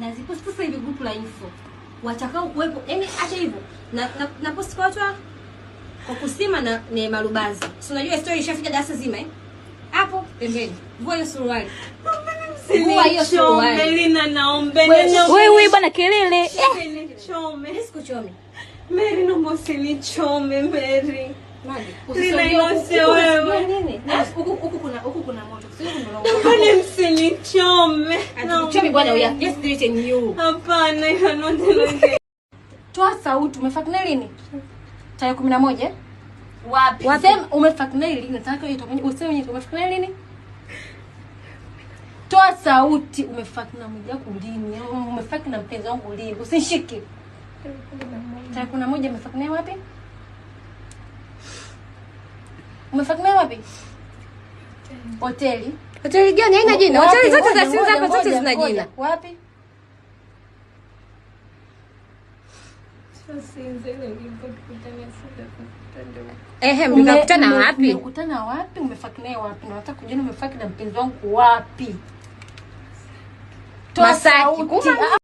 na zipo sasa hivi grupu la info watakao kuwepo, yani acha hivyo na, na, na post kwa watu kwa kusima na Neema marubazi. si unajua story ishafika darasa zima eh, hapo pembeni, vua hiyo suruali Vua hiyo suruali. naombe wewe wewe bwana, kelele eh! Chome. Siku sikuchome Meri, naomba usinichome Meri. huko kuna huko kuna moto. Sio Toa sauti. Umefakneli lini? Tarehe kumi na moja. Wapi? Wasema umefakneli lini? Nataka uitoke. Useme nini? Umefakneli lini? Toa sauti. Umefaki na mmoja kulini? Umefaki na mpenzi wangu lini? Usinishike. Tarehe kumi na moja umefaki naye wapi? Umefaki naye wapi? hoteli. Hoteli gani haina jina? Hoteli zote za simu zako zote zina jina. Wapi? Ehe, mlikutana wapi? Mlikutana wapi? Umefaki naye wapi? Na nataka kujua umefaki na mpenzi wangu wapi? Masaki.